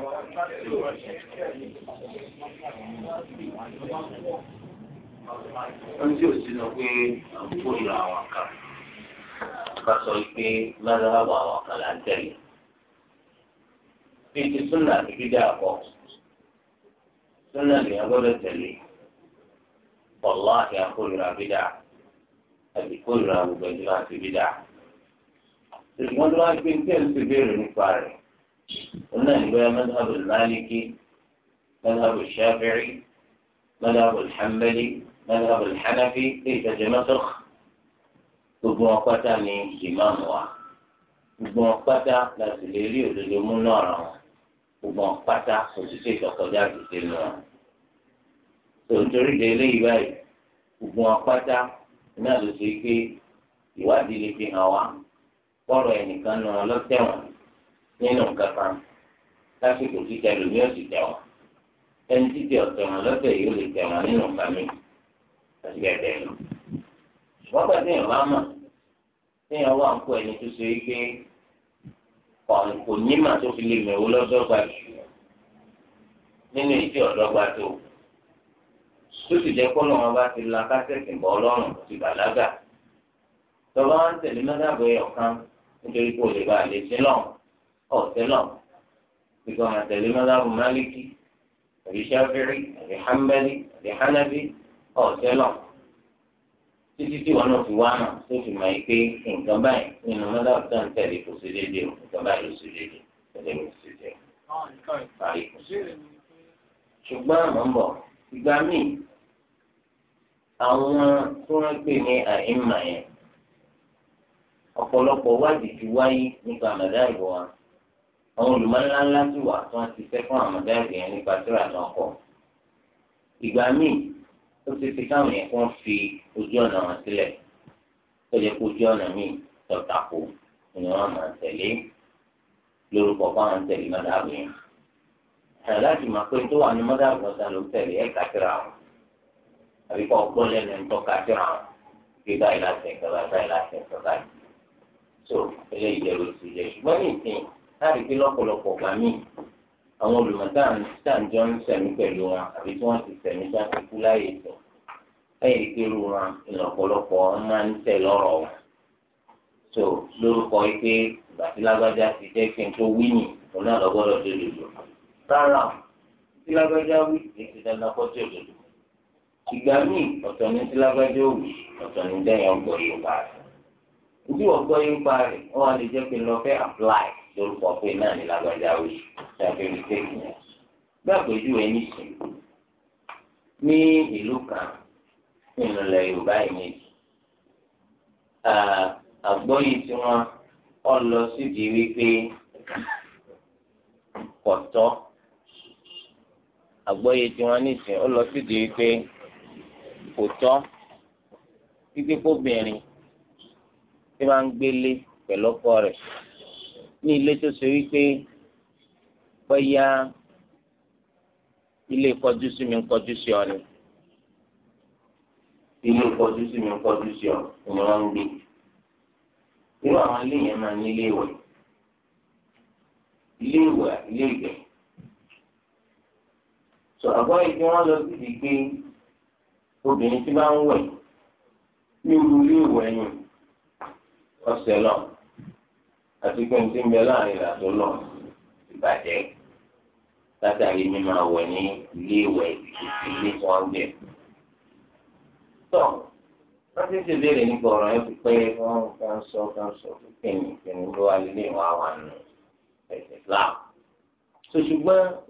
wọ́n tí ò sí lọ pé àbúkò ìlà àwọn kan ká sọ pé lọ́dọ̀ọ́bọ̀ àwọn kan là ń tẹ̀lé bí ti súnà àbíbí dé àpọ̀ súnà nìyẹn gbọ́dọ̀ tẹ̀lé ọ̀lá àti àkórìíra bídà àti kórìíra gbogbo ẹ̀jẹ̀ láti bídà. ṣùgbọ́n tó wá gbé ní tẹ̀lé ti béèrè nípa rẹ̀. قلنا اللي هو مذهب المالكي مذهب الشافعي مذهب الحنبلي مذهب الحنفي ليس جمسخ gbogbo wọn pátá ni ìmáàmù wa gbogbo wọn pátá láti lè rí òdodo mú lọ́rọ̀ wọn gbogbo wọn pátá kò sì ṣe ìtọ́kọjá àgbèsè nù wọn. tòótórí de eléyìí báyìí gbogbo wọn pátá náà ló ṣe pé ìwádìí lè fi hàn wá kọ́rọ̀ ẹnìkan nù wọn lọ́tẹ̀wọ̀n nínú kankan lásìkò títẹ lómi ọ̀sì tẹ̀wọ̀n ẹni títẹ ọ̀tẹ̀wọ̀n lọ́sẹ̀ yìí ó lè tẹ̀wọ̀n nínú kàmí àti ẹ̀bẹ̀ lọ. ṣùgbọ́n pẹ̀lú èèyàn bá mọ̀ téèyàn wà ń kó ẹni tó ṣe pé kò nímà tó fi lè mẹ̀wó lọ́dọ́gba jù nínú ìdí ọ̀dọ́gba tó tó sì jẹ́ kó lọ́wọ́ bá ti la kásẹ̀tì bọ́ ọlọ́run kò ti bàlágà tọ́ba ń tẹ̀lé mẹ́tàgbé ọ̀kan nítorí kó lè bá a lè ọ̀tẹ́ náà kíkọ́ máa tẹ̀lé mọ́láàbù máàlìkì àbí sáfìrì àbí hàmbẹ́lì àbí hànàbí ọ̀tẹ́ náà títí tí wọn náà fi wá náà tó fi máa pé nǹkan báyìí nínú mọ́láàbù tó ń tẹ̀lé kò sí déédéé o nǹkan báyìí ló sí déédéé tẹ̀lé mi sí déédéé. ṣùgbọ́n àmọ́ ń bọ̀ ìgbà míì àwọn tó ń pè ní àìmọ̀ yẹn ọ̀pọ̀lọpọ̀ wádìí ti wáyé nípa màdáìbò wa àwọn olùmọ̀lá ńlá ti wà tí wọ́n ti fẹ́ fún àmọ́dá ìgbìyàn nípa tíra náà kọ̀. ìgbà míì ó ti fi káwọn yẹn kàn fi ojú ọ̀nà wọn sílẹ̀ tó yẹ kó ojú ọ̀nà míì tọ̀tàkù ni wọ́n máa tẹ̀lé lórúkọ fáwọn tẹ̀lé mọ́dàbù yẹn. ẹ̀rọ láti máa pé tó wà ní mọ́dàbù ọ̀sán ló tẹ̀lé ẹ̀ka tíra wọn àbí kọ́ ọgbọ́n lẹ́nu ń tọ́ka tíra wọn bí báyìí láti ẹ̀kọ́ báyìí láti ẹ̀kọ́ báyìí láti pé lọ́pọ̀lọpọ̀ gbà míì àwọn olùmọ̀tàǹjọ ń sẹ̀mí pẹ̀lú wọn àbí tí wọ́n ti sẹ̀mí tí wọ́n ti kú láyé ìtọ̀ lẹ́yìn ìpérù wọn ìlọ̀pọ̀lọpọ̀ máa ń tẹ̀ lọ́rọ̀ wọn. tó lórúkọ pé ìgbà tí lágbájá ti jẹ́ kí n tó wí nì òun náà lọ́gbọ́dọ̀ tó lòlò. rárá tí lágbájá wí ní ti dandan kó tó lòlò. ìgbà míì ọ̀tọ̀ ní tí lágbájá òwì ọ̀tọ̀ ní dẹ́yìn ọgbọ̀ yóò pa rẹ̀. ìdí ọgbọ̀ yóò pa rẹ̀ wọ́n á lè jẹ́ pé lọ fẹ́ apply lórúkọ pé náà ní lágbájá o ṣe àfihàn ìkéèkì yẹn bí àpèjúwe ní sùn ní ìlú kan nínú ilẹ̀ Yorùbá yìí àgbọ́yé tí wọ́n ọ lọ síbi wípé kọ̀tọ́ àgbọ́yé tí wọ́n nìsín ó lọ síbi wípé kò tọ́ wípé tí wọ́n ń gbélé pẹ̀lú ọkọ rẹ̀ ní ilé tó ṣe wípé bóyá ilé kọjú sí mi kọjú sí ọ ni ilé kọjú sí mi kọjú sí ọ ni wọ́n ń gbé irú àwọn ilé yẹn máa ní ilé ìwẹ̀ ilé ìwẹ̀ ilé ìgbẹ́ sọ àgọ́ tí wọ́n lọ sí ti gbé obìnrin tí bá ń wẹ̀ ní olú ilé ìwẹ̀ yìí ọ̀sẹ̀ lọ́wọ́ àti pé nǹkan bẹ láàrin ìlàtọ̀ lọ ìbàjẹ́ látàrí mímọ àwẹ̀ ní ilé ìwẹ̀ ilé tí wọ́n ń bẹ̀. tọ́ wọ́n ti ṣe béèrè nípa ọ̀rọ̀ yẹn fi pé wọ́n kàn sọ kàn sọ kíkìnì kíni ló wà nílé ìwà wà nù ẹ̀sìn Islam. sọ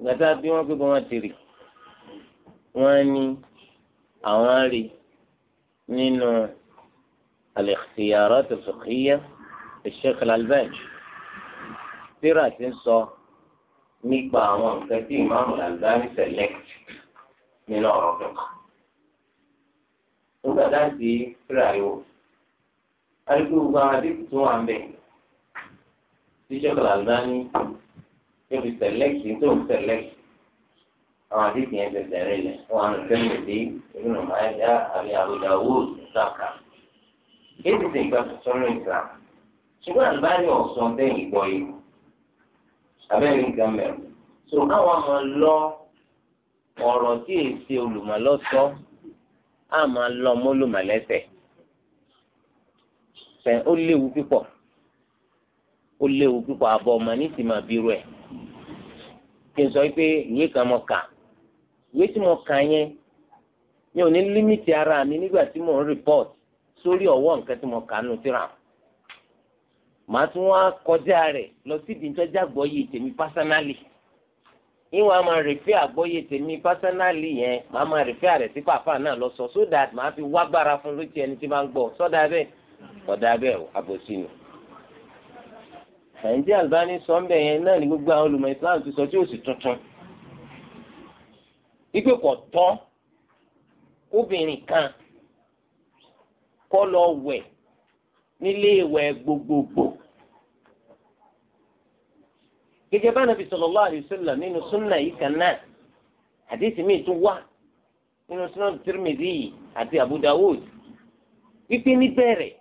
gàtà bí wọ́n pé wọ́n ti rì wọ́n ní àwọn rí nínú al-ikhtiyārat al-fiqhiyya. Sheikh Al-Albani síra ti ń sọ nípa àwọn nǹkan tí ìmáàmù Al-Albani select nínú ọ̀rọ̀ kankan. nígbà láti síra yòó arúgbó gbogbo àwọn adékù tó wà ń bẹ̀ tí Sheikh Al-Albani tó fi select tó ń select àwọn adékù yẹn tẹ̀sẹ̀ rẹ̀ lẹ̀ wọ́n á fẹ́ mi sí ìrìnnà máa yá àbí Abu Dawud nǹkan kan. èyí ti sèǹkà sọ́rọ̀ ìsìlámù ṣùgbọ́n àgbáyé ọ̀sán bẹ́yìn gbọ́ yìí abẹ́rẹ́ nǹkan mẹ́rin tó káwọn máa lọ ọ̀rọ̀ tí èsì olùmọ̀lọ́sọ á máa lọ mọ́lùmọ̀lẹ́sẹ̀ sẹ́ ó léwu púpọ̀ ó léwu púpọ̀ àbọ̀ ọmọ ní ti máa bírú ẹ̀ kí n sọ pé ìwé kan mo kà ìwé tí mo kà yẹn mi ò ní límìtì ara mi nígbà tí mò ń rìpọ́t sórí ọwọ́ nǹkan tí mo kà nù tíra màá tún wá kọjá rẹ̀ lọ síbi ìtọ́jú àgbọ́yé tèmi pásánálì ìwọ̀n a máa rèfé àgbọ́yé tèmi pásánálì yẹn màá máa rèfé àrẹ̀ sí pàápàá náà lọ sọ so that màá fi wágbára fún lójú ẹni tí máa ń gbọ́ sọ́dà bẹ́ẹ̀ ọ̀dà bẹ́ẹ̀ àbòsí nù. nàìjíríà Albani sọ ń bẹ̀ yẹn náà ní gbogbo àwọn olùmọ̀ Islam ti sọ tí ó sì tuntun. ipe kò tọ́ obìnrin kan kọ́ lọ wẹ̀ nílé ìwẹ̀ gbogbogbò gẹ́gẹ́ bá nàbì sallallahu alaihi wasallam nínú súnà yìí kan náà àdéhùn mi tún wá nínú súnà Tirmidhi yìí àti Abu Dawud wípé níbẹ̀rẹ̀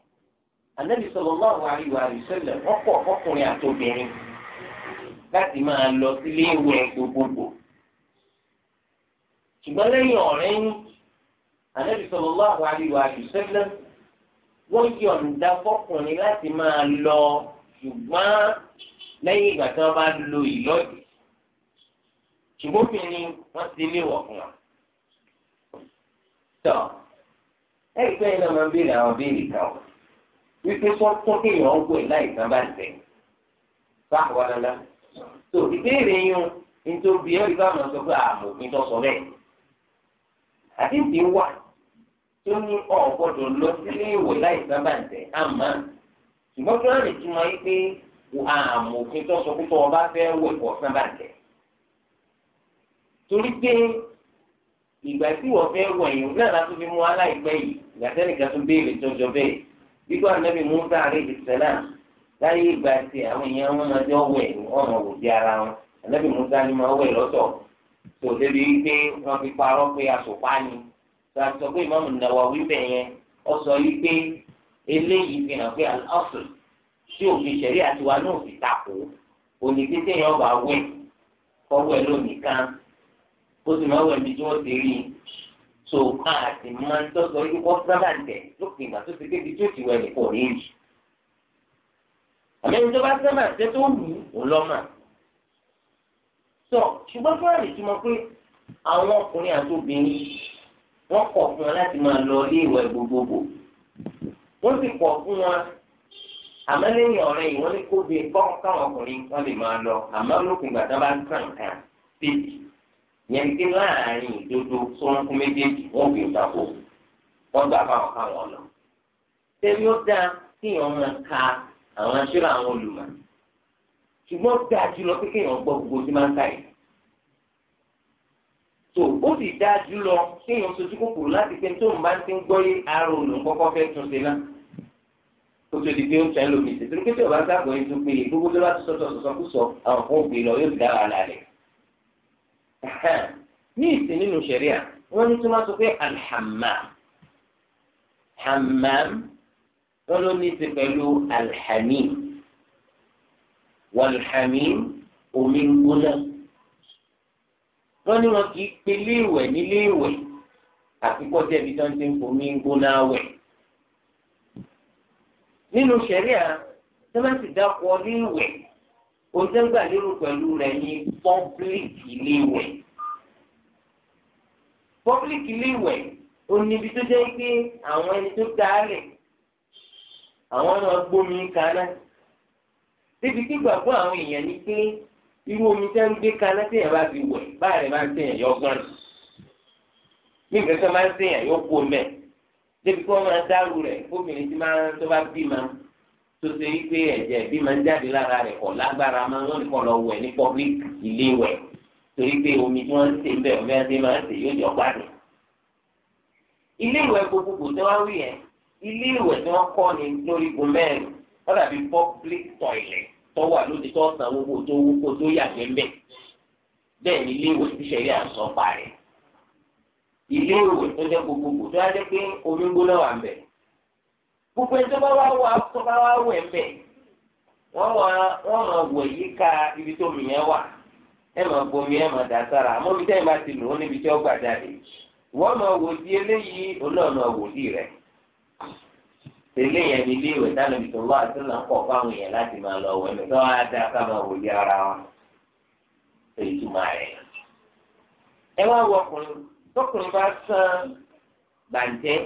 ànábì sallallahu alaihi wasallam wọ́n kọ̀ ọkùnrin àtòbìnrin láti máa lọ sílé ìwẹ̀ gbogbogbò ṣùgbọ́n lẹ́yìn ọ̀rẹ́ yín ànábì sallallahu alaihi wasallam wọ́n yọ̀ǹda fọkùnrin láti máa lọ ṣùgbọ́n lẹ́yìn ìgbà tí wọ́n bá lo ìlọ́dì ṣùgbọ́n fi ni wọ́n ti lé wọ̀ fún wa. tọ́ ẹ̀rí pé iná máa ń béèrè àwọn béèrè kan o wípé sọ́tún kéèyàn ń pè láì kan bá tẹ̀ bá wà lọ́la. tó ìbéèrè yín nítorí ẹ̀rí bá wọn sọ pé àmọ̀fin tó sọ bẹ́ẹ̀. àdéhùn ti wà tó ní ọ̀gbọ́dọ̀ lọ sílé ìwé láì kan tẹ̀ àmọ́ ṣùgbọ́n kí wọ́n lè túmọ̀ yí pé àmòfin tó sọ pé tó wọn bá fẹ́ wẹ̀ kọ́ sán bàjẹ́. torí pé ìgbà tí wọ́n fẹ́ wẹ̀ yìí náà láti fi mú aláìpẹ́ yìí ìgbà sẹ́nìkan tó béèrè jọjọ bẹ́ẹ̀ bíkọ́ ànábì Musa alayhi salam láyé ìgbà tí àwọn èèyàn wọn máa jọ wẹ̀ wọn máa wò di ara wọn ànábì Musa ni máa wẹ̀ lọ́tọ̀ tó débi pé wọ́n fi parọ́ pé asòpá ni sọ pé Imam Nawawi bẹ̀ yẹn ọ sọ yìí pé eléyìí fi hàn pé al tí òfin ṣẹ̀rí àtiwá náà fi takò òníkí téèyàn bá wẹ̀ kọ́wọ́ ẹ̀ lónìí kan ó sì máa wẹ̀ ní tí wọ́n ti rí i tó ká àti máa ń tọ́sọ yí wọ́n sábà tẹ̀ lópin ìgbà tó ti débi tó ti wẹ̀ ní kò rí yìí. àmẹ́ni tó bá sábà tẹ́ tó wù ú lọ́mà. sọ ṣùgbọ́n fúlàní ti mọ pé àwọn ọkùnrin àti obìnrin wọ́n kọ̀ fún wọn láti máa lọ ilé ìwẹ̀ gbogbogbò wọ́n sì kọ̀ fún wọn àmọ́ lẹ́yìn ọ̀rẹ́ yìí wọ́n ní kó bí kọ́ káwọn ọkùnrin wọ́n lè máa lọ àmọ́ lókun ìgbà tó bá ń tàn ká péjì yẹn ní kí láàárín ìdodo tó ń kún méjèèjì wọ́n fi ìgbà kó wọ́n gbà káwọn káwọn lọ. tẹ́lẹ̀ ó dáa kí èèyàn máa ka àwọn aṣọ́ra àwọn olùmọ̀ ṣùgbọ́n dáa jùlọ pé kéèyàn gbọ́ gbogbo tí máa ń ká yìí. tó ó sì dáa jùlọ kéèyàn sojú kòkòrò láti pé tó ń bá ti ń gbọ́ yé ara kótó di pé ó ń tẹ́ lómi ṣe torí kété ọba ń dàgbọ́ yín tó pé e, gbogbo tó bá ti sọ́tọ̀ sọ́kúsọ àwọn kan ògbé e lọ yóò dá wàhálà rẹ̀. ní ìsìn nínú ṣẹ̀ríà wọ́n ní tí wọ́n sọ pé alhamam hamam wọ́n ló ní ti pẹ̀lú alhamim walhamim omi gbóná. wọ́n ní wọn kì í pe léèwẹ̀ ní léèwẹ̀ àti kọ́tẹ́bí tó ń ti ń fomi gbóná wẹ̀ nínú sẹ̀ríà sẹ́mẹ́ntì dákọ̀ níwẹ̀ òṣèǹgbà lérò pẹ̀lú rẹ̀ ní pọ́blíkì léwẹ̀. pọ́blíkì léwẹ̀ oníbi tó jẹ́ pé àwọn ẹni tó dálẹ̀ àwọn náà gbómi kaná. débi tí gbàgbọ́ àwọn èèyàn ní pé irú omi tẹ́ ń gbé kaná téèyàn bá fi wẹ̀ báyìí máa ń téèyàn yọ gbọ́n. ní nǹkan tó máa ń téèyàn yọ kó mẹ́ẹ̀ débi kó máa dárú rẹ̀ kóbìnrin tí máa tó bá bí ma tó ṣe wípé ẹ̀jẹ̀ bí máa ń jáde lára rẹ̀ kọ̀ lágbára máa wọ́n nìkan lọ wẹ̀ ní public ilé wẹ̀ torí pé omi tí wọ́n ń ṣe bẹ́ẹ̀ omi àti máa ń ṣe yóò jọ gbádùn. ilé ìwẹ̀ gbogbogbò tí wọ́n wí yẹn ilé ìwẹ̀ tí wọ́n kọ́ ni lórí gomẹ́rin wọ́n dàbí public toilet tó wà lóde tó san owó tó wúkọ tó yàgbẹ́ mbẹ́ bẹ́ẹ̀ ni ilé ìwẹ̀ tíṣẹ̀rí à ń sọ parẹ́ ilé ìwé tó jẹ́ gbogbogbò tó yá jẹ́ pé omi gbóná wà ń bẹ̀. gbogbo ẹni tó bá wá wà tó bá ibi tó mi wà ẹ máa bomi ẹ máa dà sára àmọ́ bá ti lò ó níbi tí ó gbà jáde wò di eléyìí olóòna wò di yẹn ni ibi tó wà tó fáwọn láti máa lọ wẹ̀ á dá ká máa wò di ara wọn tọkùnrin bá sàn gbàǹjẹ́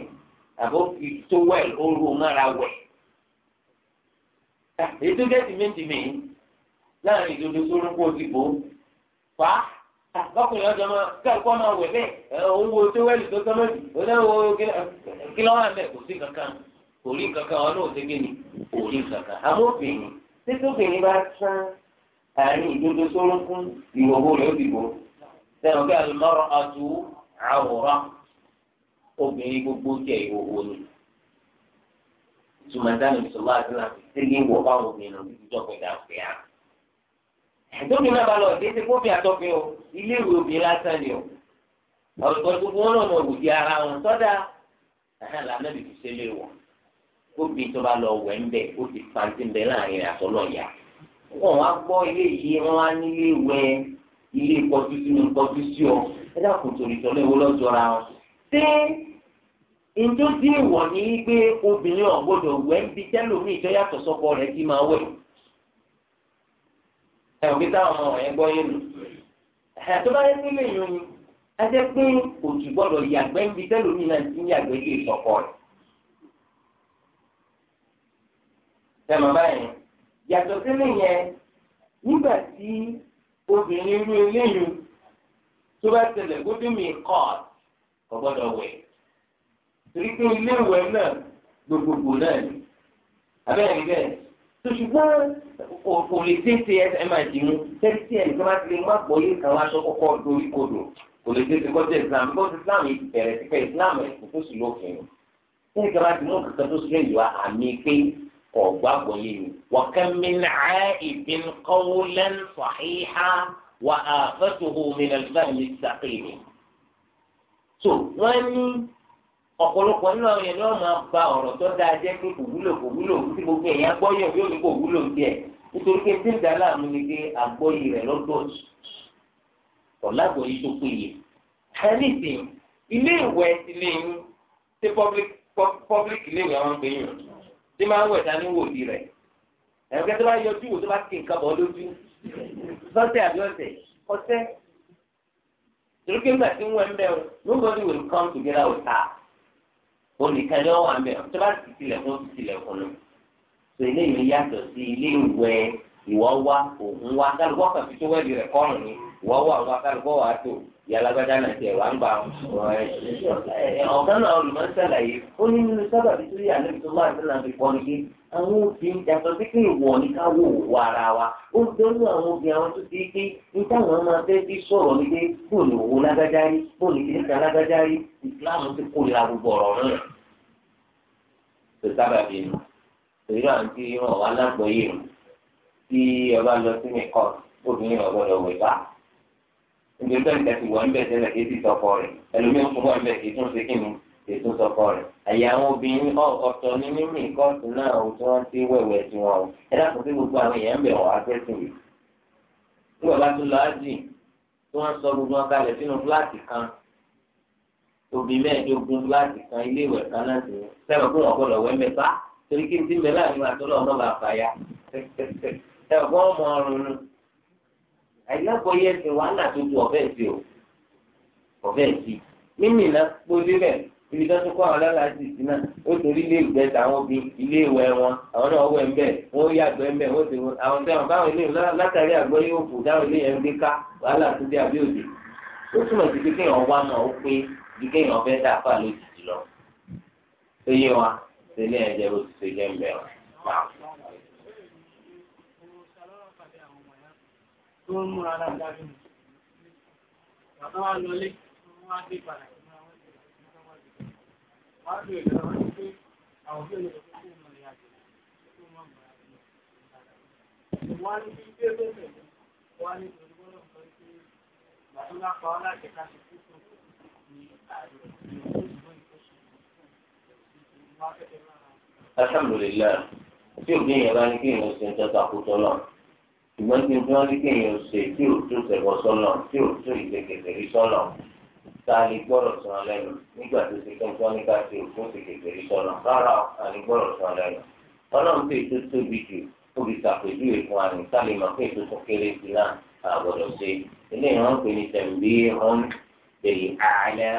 àbó fi tó wẹ̀l oru mọ́ra wẹ̀. ètò gẹ́gẹ́ tìmẹ́tìmẹ́ láàrin ìdodo tó rúkú òdìbò fa lọkùnrin ọjọ́ máa kí àgbọ̀ máa wẹ̀ bẹ́ẹ̀ owó tó wẹ̀lì tó sọ́mọ́ sí oníwó kílọ́wà mẹ́ kò sí kankan kò rí kankan ọ̀nà òṣèké ni kò rí kankan. amóbìnrin títóbìnrin bá sàn àárín ìdodo tó rúkú ìwòwò rẹ̀ òdìbò sẹ́wọ̀n kí àlùmọ́rọ̀ àtúwò àwòrán obìnrin gbogbo jẹ́ ìhòòhò ni ìtumọ̀ dáná ìṣòwò àti láti tẹ́lẹ̀ wọ̀ báwọn obìnrin náà ti jọ́ pẹ̀lú àpè á. ẹ̀dọ́bìn náà bá lọ sí ti kófì àtọ́fin o ilé ìwé obìnrin lásán ni o ọ̀rọ̀ gbogbo wọn náà mọ̀ òwòdì ara wọn sọ́dà ẹ̀hán làánà bìbí ṣẹlẹ̀ wọ̀ obìnrin tó bá lọ wẹ̀ ń bẹ̀ ó ti pàǹtí ń bẹ láàrin àtọ́lọ́yà wọn wá gbọ́ ilé yìí wọn wá nílé ilé ìkọjú sínú ìkọjú ẹ dákun tòlítọ́lọ́ ìwọ lọ́jọ́ra wọn. ṣé njó dí ìwọ̀ ní pé obìnrin ọ̀gbọ́dọ̀ wẹ̀ ń bi tẹ́lómi ìtọ́yàtọ̀ sọ́kọ rẹ̀ kí máa wẹ̀? ẹ̀ òbí táwọn ọmọ gbọ́ yé tó bá yẹ kí lè ni ẹ jẹ́ pé òtù gbọ́dọ̀ yàgbẹ́ ń bi náà ti ń yàgbẹ́ rẹ̀. yàtọ̀ sílẹ̀ yẹn nígbà tí obìnrin eléyìí tó bá tẹlẹ gbódú mi kọ́ kò gbọ́dọ̀ wẹ̀ torí pé ilé ìwẹ̀ náà gbogbogbò náà ni abẹ́rẹ́ níbẹ̀ tó ṣùgbọ́n kò lè tètè ẹ máa dì mú tẹ́tí ẹ̀ nìkan bá ti lè má gbọ́ yìí kan wá sọ kọ́kọ́ dorí kodò kò lè tètè kọjá Islam bí wọ́n Islam yìí bẹ̀rẹ̀ sí pé Islam ẹ̀ tó sì lófin o tẹ́tí kan ti mú kankan tó sílẹ̀ yìí àmì pé ọ̀gbà gbọ́ yìí ni wọ́n kẹ́ mi ní àìbín qawlan sahiha wà من fẹ́tòhó السقيم. so lùbá mi sàkéyè. tó wọ́n ní ọ̀pọ̀lọpọ̀ nínú àwọn yẹn ni wọ́n máa ba ọ̀rọ̀ tó dáa jẹ́ pé kò wúlò kò wúlò tí gbogbo èèyàn gbọ́yọ̀ yóò ní kò wúlò díẹ̀ nítorí pé tí ń dá láàmú ni pé àgbọ́yé rẹ̀ lọ́dọ̀ọ̀tù ọ̀làgbọ̀ yìí tó péye. anything ilé ìwẹ̀ ti lè ń ṣe public public ilé ìwẹ̀ wọn gbé yàn tí máa ń wẹ̀ dání wò di rẹ̀ ẹ̀rọ kẹ́tẹ́ bá yọjú wò tó bá ti nǹkan bọ̀ lójú sọ́tẹ̀ àbí ọ̀tẹ̀ ọ̀tẹ̀ torókè ńgbà tí wọ́n ń bẹ̀ ọ́ nobody will come together with her onìkan ni wọ́n wà ń bẹ̀ ọ́ tó bá ti tilẹ̀kùn ti tilẹ̀kùn nù so eléyìí yàtọ̀ sí ilé ìwé ìwọ wá òun wá kálukú ọkàn fi tó wẹ́ẹ̀dì rẹ̀ kọ́rùn ni ìwọ wá wá kálukú wà á tó ìyálagbádá náà tiẹ̀ wá ń gbà ọ̀gá náà olùmọ̀ ń sàlàyé ó ní nínú sábàbí tó yà níbi tó máa ń sẹ́nà fi àwọn obìnrin yàtọ̀ sí pé ìwọ̀ ní ká wò wọ ara wa ó ń dẹnu àwọn obìnrin àwọn tó ti pé ní táwọn máa fẹ́ fi sọ̀rọ̀ ní pé bò ní owó lágbájá rí bò ní kíríkà lágbájá rí ìsìláàmù ti kó ìlà gbogbo ọ̀rọ̀ náà. tó sábà bí nu èyí àwọn tí wọn wà tí ọba lọ sí nìkọ́ obìnrin wọn gbọdọ̀ wẹ̀ bá nítorí ìtẹ̀síwọ̀ ń bẹ̀ ètò sọkọ rẹ̀ àyà àwọn obìnrin ọ̀tọ̀ ní mímì kóòtù náà ò tí wọ́n ti wẹ̀wẹ̀ tí wọ́n o ẹ dákun sí gbogbo àwọn èèyàn ń bẹ̀ wọ́n afẹ́sìn yìí nígbà bá tún lọ ájì tí wọ́n sọ gbogbo wọn kalẹ̀ sínú fúláàtì kan obì mẹ́ẹ̀ẹ́dógún fúláàtì kan ilé ìwẹ̀ kan náà sì ní sẹ́wọ̀n kó wọn kọ́ lọ wẹ́ torí kí n ti mẹ́lá àríwá tó lọ́ọ́ náà bá fà ya sẹ́wọ̀n ọrùn nù àyẹ̀kọ́ yẹ ti wàhálà tó tu ọ̀fẹ́ sí o ọ̀fẹ́ sí mímì ibi tó tún kọ́ àwọn alálàájì sí náà ó torí ilé ìgbẹ́ táwọn bí ilé ìwẹ̀ wọn àwọn náà wẹ̀ ń bẹ̀ wọ́n yà gbẹ́ ń bẹ̀ wọ́n ti wọn àwọn tí wọn báwọn ilé látàrí àgbọ̀ yóò fò dáwọn ilé yẹn ń gbé ká wàhálà tó dé àbí òde ó túmọ̀ sí pé kéèyàn wá náà ó pé bí kéèyàn fẹ́ dá àpá lójijì lọ tó yé wa tẹ́lẹ̀ ẹ̀jẹ̀ bó ti ṣe jẹ́ ń bẹ̀ wọn. tó ń múra dáadáa alhamdulilayi tí òbí yẹn bá ní kí èèyàn ṣe ń tẹ́ta kú sọ́nà ṣùgbọ́n tí òbí wọn ní kí èèyàn ṣe tí òtún ṣẹ̀kọ́ sọ́nà tí òtún ìgbẹ́kẹ̀sẹ̀ rí sọ́nà ta lè gbọ́dọ̀ sọ̀rọ̀ lẹ́nu nígbà tó ti kọ́ gbọ́ nígbà tí òkú ti kékeré sọ̀rọ̀ rárá a lè gbọ́dọ̀ sọ̀rọ̀ lẹ́nu ọlọ́run pé tó tóbi jù tóbi ṣàpèjúwe fún wa ní sálẹ̀ mọ̀ pé tó tún kéré sí náà àgbọ̀dọ̀ ṣe ilé ìran pè ní tẹ̀m̀bí hàn bẹ̀yì àlẹ́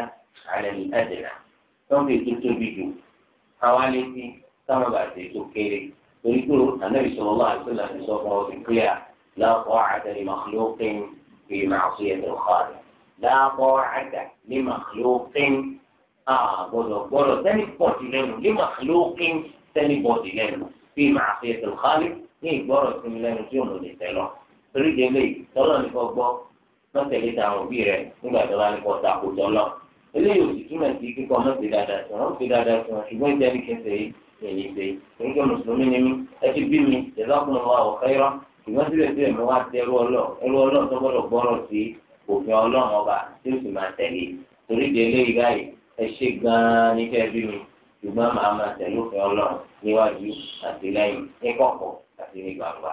àlẹ́ ní ẹ̀dẹ̀là tó ń pè tó tóbi jù àwa lè fi káwọn bàtẹ́ tó kéré torí pé ànábì wà láàbọ̀ àjà ní màlúùkín àgbọ̀dọ̀ gbọ́dọ̀ sẹ́ni bọ̀dì lẹ́nu ní màlúùkín sẹ́ni bọ̀dì lẹ́nu bí màá fi ètò xaalí ní ìgbọ́rọ̀ sinmi lẹ́nu tí òun ò lè tẹ́ lọ. torí délé tọ́lọ́ ní kò gbọ́ lọ́tẹ̀lé táwọn òbí rẹ̀ nígbà tó bá ní kò tako tọ́lọ́. eléyìí ò sì túmọ̀ sí kíkọ́ náà ti dáadáa sùn wọ́n ti dáadáa sùn ṣùgbọ́n ìjẹ́ òfin ọlọ́run ọba tí ó sì máa tẹ̀lé torí ìdí eléyìí báyìí ẹ ṣe gan-an ní kẹ́ bí mi ṣùgbọ́n màá máa tẹ̀lé òfin ọlọ́run níwájú àti lẹ́yìn ní kọ̀kọ̀ àti ní gbangba.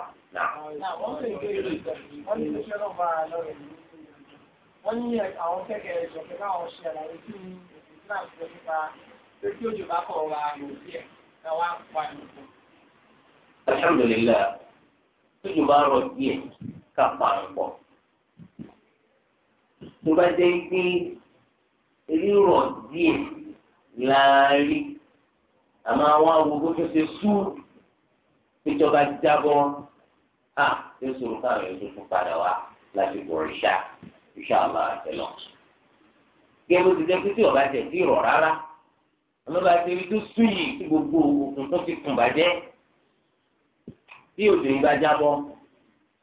wọ́n ní àwọn kẹ́kẹ́ ìṣọ̀kẹ́ káwọn ṣe àlàyé sí islam tó nípa pé kí òjò bá kọ̀ ra àrùn díẹ̀ káwá pa ìlú. alhamdulilayi tójú bá rọ díẹ̀ ká pa àrùn pọ̀ tó bá jẹ́ pé rírọ̀ díẹ̀ láàárín àmọ́ àwọn awogbó tó ṣe sú ìjọba jábọ́ à ṣe sọ̀rọ̀ káwọn èèyàn tó tún padà wá lásìkò ìṣá ìṣá ọba àtẹlọ. gẹ́gẹ́ bó ti jẹ́ pé tí ọba jẹ̀ sí rọ̀ rárá àmọ́ bá ti rí tó sú yìí tí gbogbo òkun tó ti kùn bàjẹ́ bí òjò ìgbà jábọ́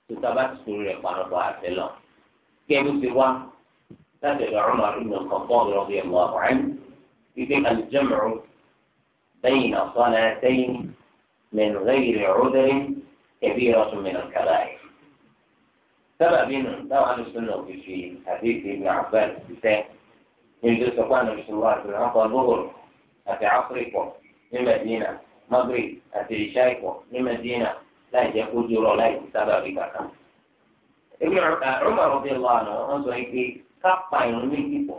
tó tábà ti sọ̀rọ̀ rẹ̀ pàrọ̀ bọ̀ àtẹlọ. kẹ́rù ti wá láti ẹ̀rọ ọmọ àrùn Khattab radiyallahu anhu wípé al-jam'u bayna salatayn min ghayri 'udrin kabiratun min al-kaba'ir. sábà bínú táwọn alùsùn náà fi fi àdéhùn ìgbà àgbà ìfẹ́ níbi tó sọ pé àwọn alùsùn wà lórí ọkọ̀ lóhùn àti áfíríkọ̀ ní Mẹ́dínà Maghrib àti ìṣáìkọ̀ ní Mẹ́dínà láì jẹ́ kó dúró láì sábà rí kàkà. èmi ọmọ ọdún lọ àná wọn sọ pé kápá ìrún méjì pọ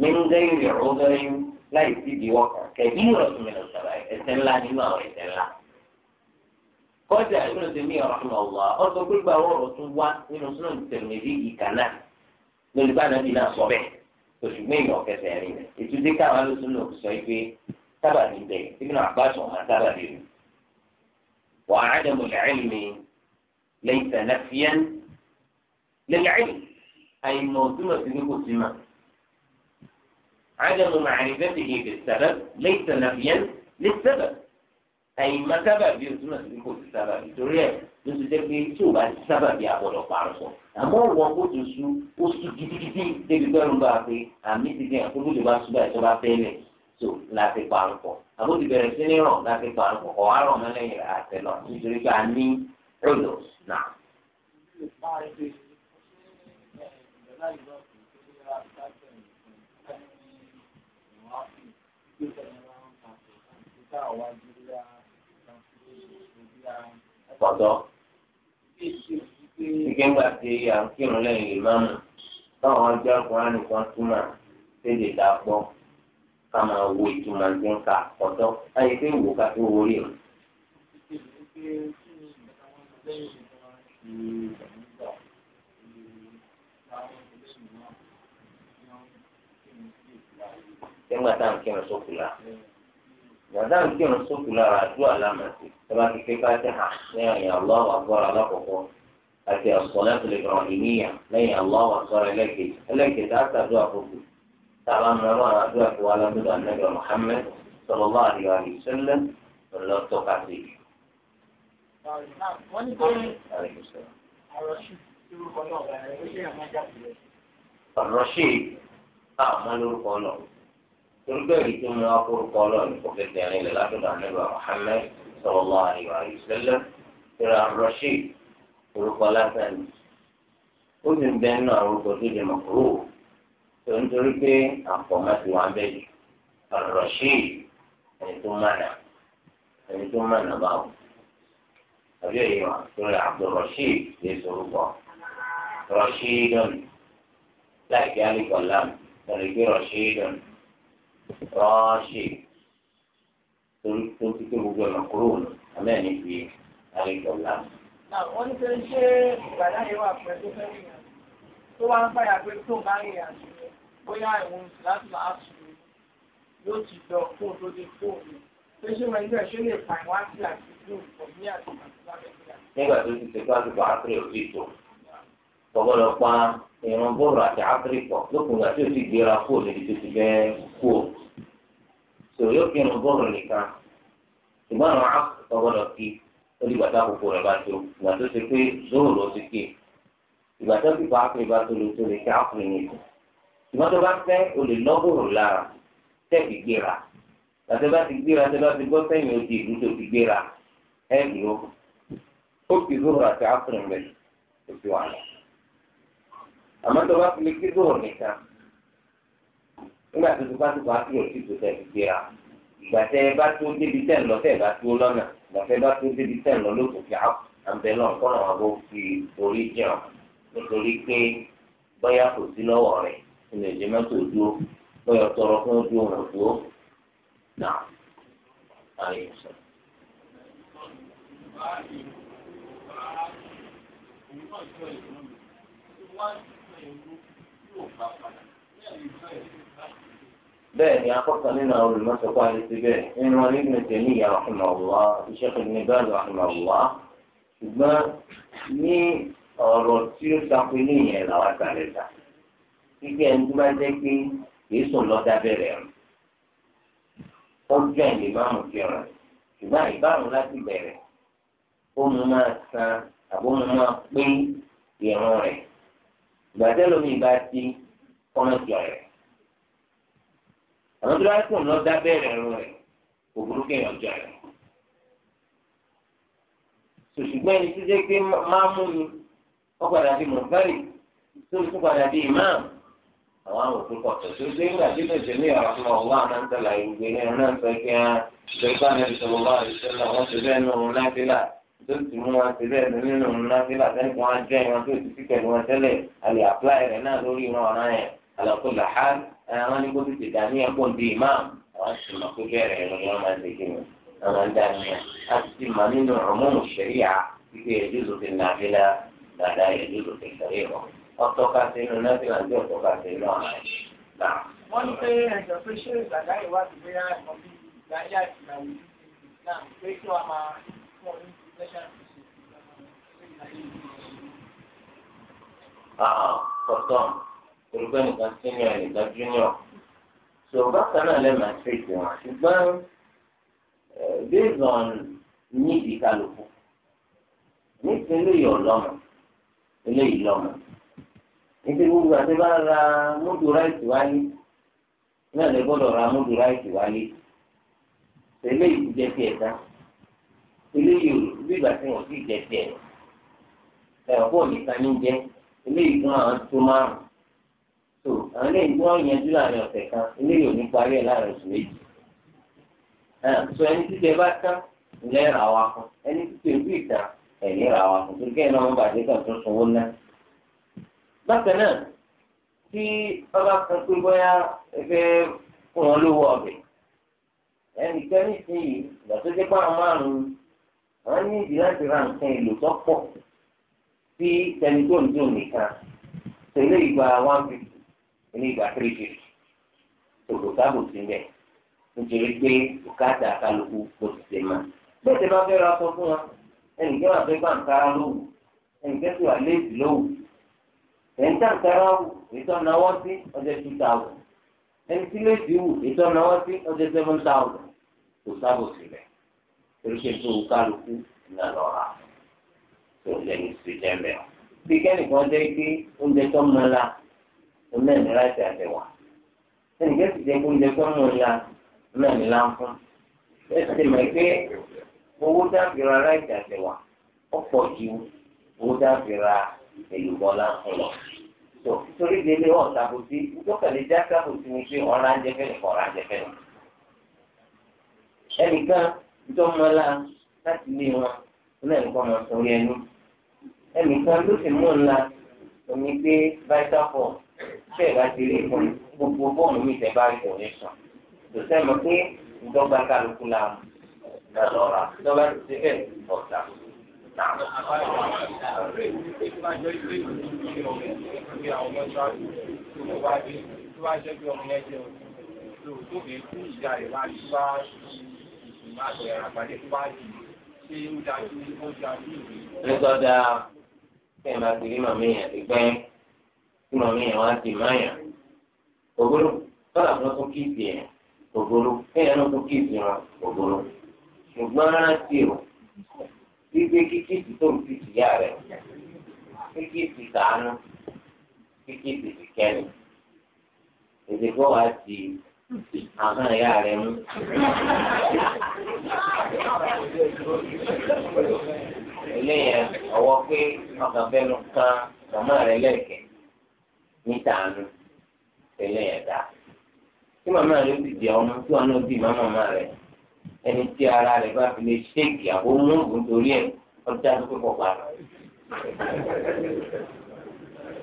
mẹńgẹ ìrì ọgọrin láì sí ìdíwọ́ kan kẹbí ìrọsùn mi lọsọrọ ẹsẹ̀ ńlá nínú àwọn ẹsẹ̀ ńlá kọjá ìrìn òsè mi ọ̀rọ̀ ọmọ ọwọ́ ọsọ pé gbà wọrọ tún wá nínú súnà tẹlifí ìkà náà lórí bá nàbí náà sọ bẹ́ẹ̀ òṣùgbọ́n èèyàn ليس نفيا للعلم أي موزمة بقسمة عدم معرفته بالسبب ليس نفيا للسبب أي ما سبب يوزمة بقسمة السبب تريد lóṣù jẹ́ pé tí o bá ti sábà bí àbọ̀dọ̀ parọ́ sọ. àmọ́ wọn kò tó su ó su gidigidi débi gbẹ́rù bá a pé àmì ti dín àkókò lè bá su báyìí tó bá fẹ́ lẹ̀ tó láti parọ́ pọ̀. àbójú bẹ̀rẹ̀ sí ní ràn láti parọ́ pọ̀ ọ̀ àrọ̀ mọ́lẹ́yìn àtẹ̀lọ́ nítorí pé a ní Olùs náà. Pọ̀tọ́. Ike ń gbà tí à ń kírun lẹ́yìn ìmáàmù táwọn ọjọ́ ọkùnrin nìkan túmọ̀ séde dàgbọ́ ká máa wo ìtumọ̀ ní ká pọ̀tọ́. Ayé pé ìwò ká tó wọlé o. nígbà tá à ń kírun sókù la nígbà tá à ń kírun sókù la àdúrà lámàtì tọ́ba kékeré bá ti hàn lẹ́yìn aláwọ̀ agbára alákọ̀ọ́kọ́ àti ọ̀sọ̀lá tó lè ràn ìníyà lẹ́yìn aláwọ̀ agbára ẹlẹ́kẹ̀ẹ́ ẹlẹ́kẹ̀ẹ́ tá a sàdúrà fòkù tá a bá mọ ẹ̀rọ àdúrà tó wà lábẹ́dọ̀ ànágbà Muhammad sallallahu alaihi wa sallam lọ́tọ́ka sí i. wọ́n ní pé àròṣì lórúkọ náà bẹ̀rẹ̀ ó ṣe àwọn jáde rẹ̀. àròṣì àmọ́ lórúkọ náà torúkọ èyí tó mú akórúkọ náà ní kòkè tẹ̀rín lẹ̀ látọ̀dọ̀ àníbà Muhammad sallallahu alaihi wa sallam àròṣì orúkọ lásán ó sì ń bẹ́ẹ̀ náà orúkọ tó di mọ̀kúrò tó ń torí pé àfọ̀mọ́ ti wà ń àròṣì ẹni tó mọ̀nà ẹni tó mọ̀nà báwò àbí ẹ̀yìn wa lórí Abdulrasheed lè sorúkọ Rasheedun láìpẹ́ alikọ̀lám lórí gbé Rasheedun Rasheed torí tó ti ké gbogbo ẹ̀rọ kúrò amẹ́ni fi alikọ̀lám. àwọn oníṣẹ́ ṣé ìgbàdá yẹn wà pẹ̀lú fẹ́ẹ́ tó wá ń báyà pé tó bá rìn àjò bóyá ìwọ̀n láti máa sùn yóò ti jọ fóònù tó dé fóònù nígbà tó ti ṣe káàdì bá áfírí òbí tó gbọgbọdọ pa ìrún bọ́ọ̀lù àti áfírí pọ̀ lókun ìgbà tí ó ti gbéra kú níbi tó ti fẹ́ kú o sòrò yóò kírun bọ́ọ̀lù nìkan ṣùgbọ́n àwọn àgbọ̀gbọ̀dọ̀ kí olùgbà tá àkókò rẹ̀ bá tó ìgbà tó ṣe pé zóòlù ló ti kí ìgbà tó ti bá áfírí bá tó lè tó lè kí áfírí nìkan ìgbà tó bá fẹ́ o lè lọ́ bọ́ọ̀lù lára tẹ́ẹ̀kì àti bá ti gbéra àti bá ti gbọ́ sẹ́yìn odi ìlú tó ti gbéra ẹ̀ dúró ó fi zoro àti áfírin rẹ̀ kò sí wàhálà àmọ́ tó bá fi lè kí zoro nìkan nígbà tó ti bá ti bá ti yọ̀ sí tó tẹ̀ ti gbéra ìgbà tẹ́ ẹ bá tó débi tẹ̀ lọ tẹ́ ẹ bá tó lọ́nà ìgbà tẹ́ ẹ bá tó débi tẹ̀ lọ ló tó fi àbẹ̀ náà kọ́ náà bó fi orí jẹun nítorí pé bóyá kò sí lọ́wọ́ rẹ̀ ìnìyànjẹ́ mọ́tò dúró bóyá tọrọ fún dúró náà ààyè sọ. bẹ́ẹ̀ ni akọ́kọ́ nínú àwọn olùmọ̀sọ́kọ́ àti ti bẹ́ẹ̀ nínú wọn nínú tẹ̀lé ìyá rahimahullah iṣẹ́ kan ní báyìí rahimahullah ṣùgbọ́n ní ọ̀rọ̀ tí ó sako ilé yẹn làwọn àtàlẹ́ ta. kíkẹ́ ẹni tó bá jẹ́ pé kìí sùn lọ́dá bẹ̀rẹ̀ rẹ̀. ó jẹ́ ìlú máàmù fi ràn ṣùgbọ́n ìbárùn láti bẹ̀rẹ̀ ó mú máa san àbó mú máa pín ìrun rẹ̀ ìgbàdẹ́ lómi ìbá ti kọ́mọ̀tì rẹ̀ àwọn tó bá kùn lọ dá bẹ̀rẹ̀ rẹ̀ kò burú kéèyàn rẹ̀ ẹni ni mọ̀fẹ́rì tó tún àwọn àwọn òfin pọ̀ tẹ̀sí ó dé nígbà tí lè ṣe ní ọ̀rọ̀ fún ọ̀wọ́ àdáńtẹ̀lá ìgbé ní ọ̀nà ìfẹ́ kí á ìjọba níbi sọ̀rọ̀ wá ìṣẹ̀lẹ̀ wọn ti bẹ́ẹ̀ nù ọ̀hún náfìlà tó ti mú wọn ti bẹ́ẹ̀ nínú ọ̀hún náfìlà tẹ́lẹ̀ kí wọ́n jẹ́ wọn tó ti fi pẹ̀lú wọn tẹ́lẹ̀ àlè àpláì rẹ̀ náà lórí wọn ọ̀ràn yẹn àlọ́kùnlá ha àwọn ní kó tètè dà ní ẹ̀kọ́ di ìmáàmù àwọn sì ọtọ́ka sí inú náà ti wà ní ọtọ́ka sí inú ọ̀la yìí. wọ́n ní pé ẹ̀jọ̀ pé ṣé ìgbàgbá ìwádìí bóyá ẹ̀kọ́ bí ìgbàgbá ìgbàwò náà pé kí wọ́n máa fún ọdún special kọ̀tọ̀ olùkọ́ nìkan senior nìkan junior so bákan náà lẹ́nu àtúntò wọn ṣùgbọ́n based on nídìí kálukú nítorí eléyìí ọlọ́mọ eléyìí lọ́mọ níbi gbogbo àti bá ra múdù ráìtì wálé náà lè gbọ́dọ̀ ra múdù ráìtì wálé tẹ́lẹ̀ yìí jẹ́ tiẹ̀ dá eléyìí bí ìgbà tí wọ́n sì jẹ́ tiẹ̀ ẹ̀rọ pọ̀ nìkan ní jẹ́ eléyìí fún àwọn tó márùn tó àwọn eléyìí tí wọ́n yanjú láàrin ọ̀sẹ̀ kan eléyìí ò ní parí ẹ̀ láàrin oṣù méjì sọ ẹni tí tẹ bá tán ńlẹ́ ra wa ẹni tí tẹ bí ìta ẹ̀ ní ra wa fún torí náà wọ́n bàjẹ́ kan tó sanwó náà bákan náà tí ọba kan pé bóyá ẹgbẹ́ fún wọn lówó ọbẹ̀ ẹnìkan nísìnyí ìgbà tó dé pàrọ̀ márùn-ún àwọn ní ìdí láti ra nǹkan èlò tó pọ̀ sí tẹnudóńdó nìkan tẹ̀lé ìgbà one fifty ní ìgbà three fifty tòkòtàbò sí mẹ́ nítorí pé bùkátà kálukú kò sì ṣe máa bẹ́ẹ̀ tẹ́ bá fẹ́ ra sọ fún wa ẹnìkan wà fẹ́ gbàǹkárá lówù ẹnìkan sì wà léèdì lówù ẹni tí àǹkárá wù ètò ọ̀nàwọ́ sí ọjọ́ two thousand ẹni tí léèdì wù ètò ọ̀nàwọ́ sí ọjọ́ seven thousand kò sábò sílẹ̀ eréṣẹ́ tó wù kálukú iná lọ́ra tó lẹ́nu sí jẹ́mẹ̀ ọ́. bí kẹ́nìkan jẹ́ pé oúnjẹ tó mọ la ọmọ ẹ̀mí láti àtẹ̀wà ẹnìkan sì jẹ́ pé oúnjẹ tó mọ la ọmọ ẹ̀mí láǹfọ̀n ẹ mọ̀ pé owó dábìrà láti àtẹ̀wà ọ̀pọ̀ ju owó dábìrà èlùbọ́ láǹfọ̀n lọ. tó torí délé wọn ṣàbòsí ìjọkẹ̀lẹ̀ já ṣàbòsí ni pé ọ̀rá ń jẹ fẹ́ẹ̀ kọ̀ọ̀rá ń jẹ fẹ́ẹ̀. ẹnìkan ìjọmọlá láti lé wọn ní ẹnìkan máa sọ orí ẹnu. ẹnìkan ló sì mú ńlá omi pé vital form ṣe ìbá ti rí fún gbogbo bọ́ọ̀lù mi tẹ̀ bá rí kò ní sàn. tòṣẹ́ mọ̀ pé ìjọba kálukú la lọ́ra ìjọba ti ṣe bẹ́ẹ̀ ọ̀tà. Nígbà dáa, kí ẹ máa ti rí màmí yẹn ti gbẹ́, kí màmí yẹn wá ti máa yàn. Ògbóró, tọ́lá fún ọkùnrin kí yẹn, ògbóró, kí ẹ̀yàn náà kún kí ògbóró. Ṣùgbọ́n rántí o gbígbé kíkí ti tó fi tìyà rẹ̀ kíkí ti sànú kíkí ti ti kẹ́nu èdè kó wá ti àwọn ẹ̀yà rẹ̀ mú. eléyẹn ọwọ́ pé ọkàn fẹ́nu kan màmá rẹ̀ lẹ́kẹ̀ẹ́ níta nu eléyẹn dá. tí màmá rẹ̀ ti di ọmọ tí wọn náà di màmá rẹ̀ ẹni tí ara rẹ̀ bá fi lè ṣe ìyàwó mú nítorí ẹ̀ ọjà tó pọ̀ pa.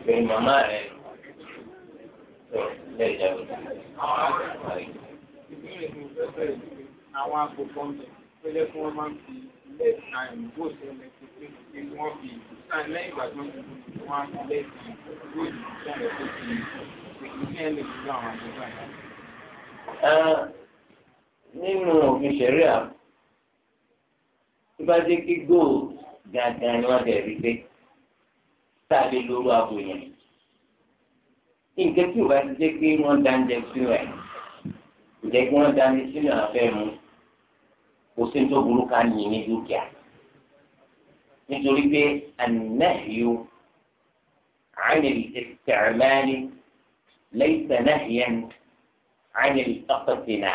Bẹ́ẹ̀ màmá rẹ̀ lọ lẹ́yìn ìjàgbọ́. Àwọn agbègbè ọ̀nà tó yẹ kí wọ́n máa ń fi ilé ìta ìbò sẹ́lẹ̀ tó pé kí fi ìta lẹ́yìn ìgbà tó ń fi wọ́n á fi lẹ́yìn ìbò ìlú sẹ́lẹ̀ tó fi ìpèsè ní ẹ̀lẹ́gbẹ̀rún àwọn àgbègbè àgbà nínú òfin ṣẹ̀ríà tó bá jẹ́ kí gold gàgà ni wọ́n bẹ̀rẹ̀ gbé tá a lè lóru abo yẹn nǹkan tí ò bá ti jẹ́ pé wọ́n dá ń jẹ sínú ẹ̀ kò jẹ́ pé dá ní sínú àfẹ́ mu kò sí tó burú ká ní ní dúkìá nítorí pé ànáhìó ànìlì ìtẹ̀mẹ́lì lẹ́yìn tẹ̀náhìá ànìlì tọ́kọ̀tìnà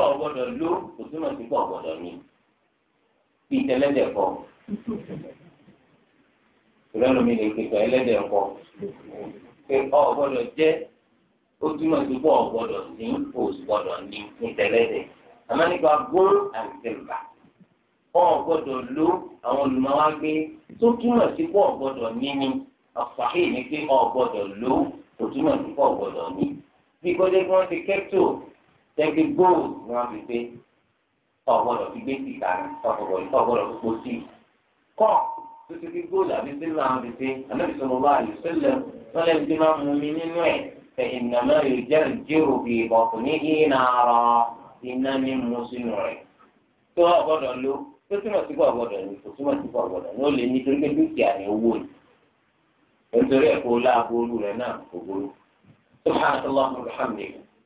ọ̀ gbọ́dọ̀ ló kò túmọ̀ sí pọ̀ gbọ́dọ̀ ní bí ìtẹ́lẹ́dẹ̀ kọ ìrẹ́nu mi lè pèsè ẹlẹ́dẹ̀ kọ pé ọ̀ gbọ́dọ̀ jẹ́ ó túmọ̀ sí pọ̀ gbọ́dọ̀ ní kò gbọ́dọ̀ ní ìtẹ́lẹ́dẹ̀ àmọ́ nípa gold and silver ọ̀ gbọ́dọ̀ ló àwọn olùmọ̀wá gbé tó túmọ̀ sí pọ̀ gbọ́dọ̀ ní ni àfààní ni pé ọ̀ gbọ́dọ̀ ló kò túmọ̀ sí pọ̀ gbọ́dọ̀ ní bí kọ́jẹ́ kí wọ́n ti kẹ́tò tẹ́gbẹ́ góòlù ni wọ́n fi gbé ọ̀gbọ́dọ̀ fi gbé síta ọ̀gbọ́dọ̀ ọ̀gbọ́dọ̀ fi pọ̀ sí i. kọ́ títí fi góòlù àbí sílẹ̀ àwọn fi ṣe ànábì sọ̀rọ̀ wá àyè sílẹ̀ wọ́n lẹ́nu tí máa mú mi nínú ẹ̀ fẹ̀ ìnàmọ́ yóò jẹ́ ìjírò bí ìbọ̀kù ní ìhìnà ara iná ní mú sínú rẹ̀. tó ọ̀gbọ́dọ̀ lo tó túmọ̀ sí pọ̀ ọ̀gbọ́dọ̀ ni kò túmọ̀ sí pọ̀ ọ̀gbọ́dọ̀ ni ó lè ní torí pé dúkìá ni owó ni. nítorí ẹ̀kọ́ láàbò olú rẹ̀ náà kò burú. subhanahu wa ta'ala alhamdulilayi.